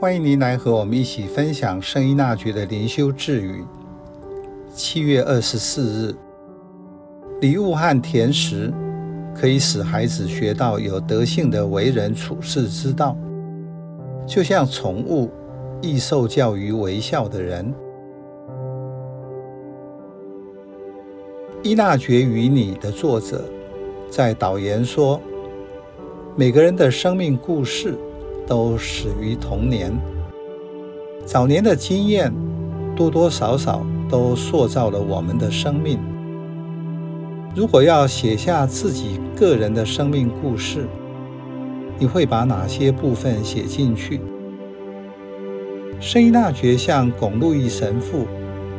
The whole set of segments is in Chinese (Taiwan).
歡迎您來和我們一起分享聖依納爵的靈修智語。七月二十四日，禮物和甜食可以使孩子學到有德行的為人處事之道，就像寵物易受教於微笑的人。依納爵與你的作者在導言說，每個人的生命故事，都始於童年。早年的經驗，多多少少都塑造了我們的生命。如果要寫下自己個人的生命故事，你會把哪些部分寫進去？聖依納爵向鞏路易神父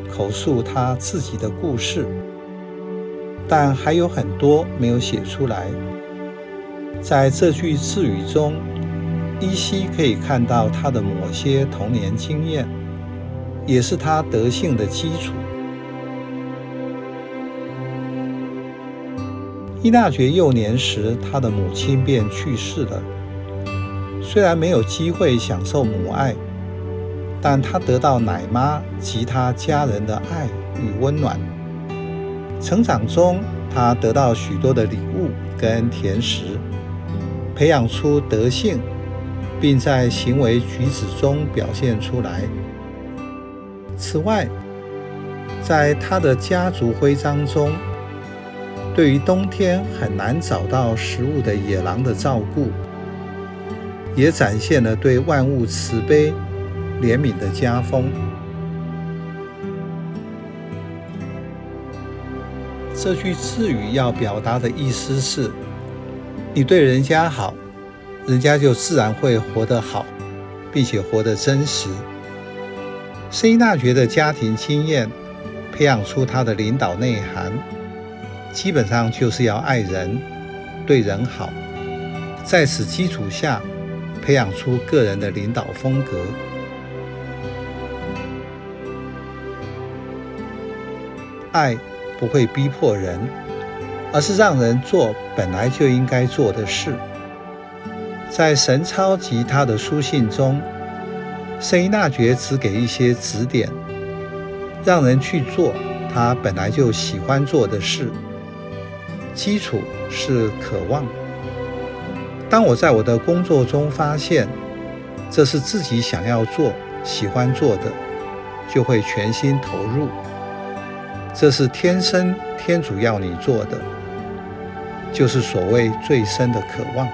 口述他自己的故事，但還有很多沒有寫出來。在這句智語中，依稀可以看到他的某些童年經驗，也是他德行的基礎。依納爵幼年時，他的母親便去世了。雖然沒有機會享受母愛，但他得到奶媽及她家人的愛與溫暖。成長中，他得到許多的禮物跟甜食，培養出德行。並在行為舉止中表現出來。此外，在他的家族徽章中，對於冬天很難找到食物的野狼的照顧，也展現了對萬物慈悲、憐憫的家風。這句智語要表達的意思是：你對人家好，人家就自然會活得好，並且活得真實。聖依納爵的家庭經驗培養出他的領導內涵，基本上就是要愛人，對人好。在此基礎下，培養出個人的領導風格。愛不會逼迫人，而是讓人做本來就應該做的事。在神操及他的書信中，聖依納爵只給一些指點，讓人去做他本來就喜歡做的事。基礎是渴望。當我在我的工作中發現，這是自己想要做、喜歡做的，就會全心投入。這是天生天主要你做的，就是所謂最深的渴望。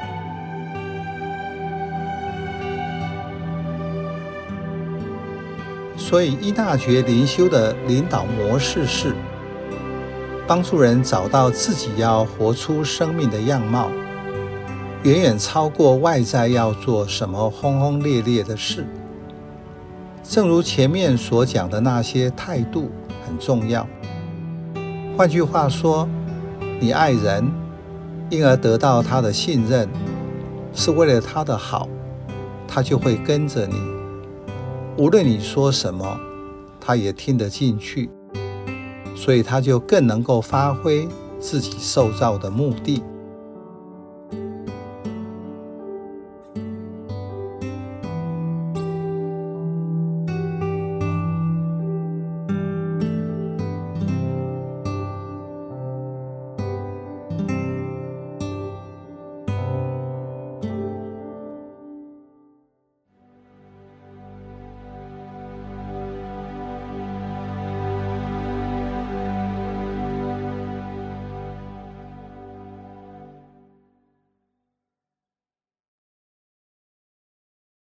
所以，依納爵靈修的領導模式是，幫助人找到自己要活出生命的樣貌，遠遠超過外在要做什麼轟轟烈烈的事。正如前面所講的那些態度很重要。換句話說，你愛人，因而得到他的信任，是為了他的好，他就會跟着你。無論你說什麼，他也聽得進去，所以他就更能夠發揮自己受造的目的。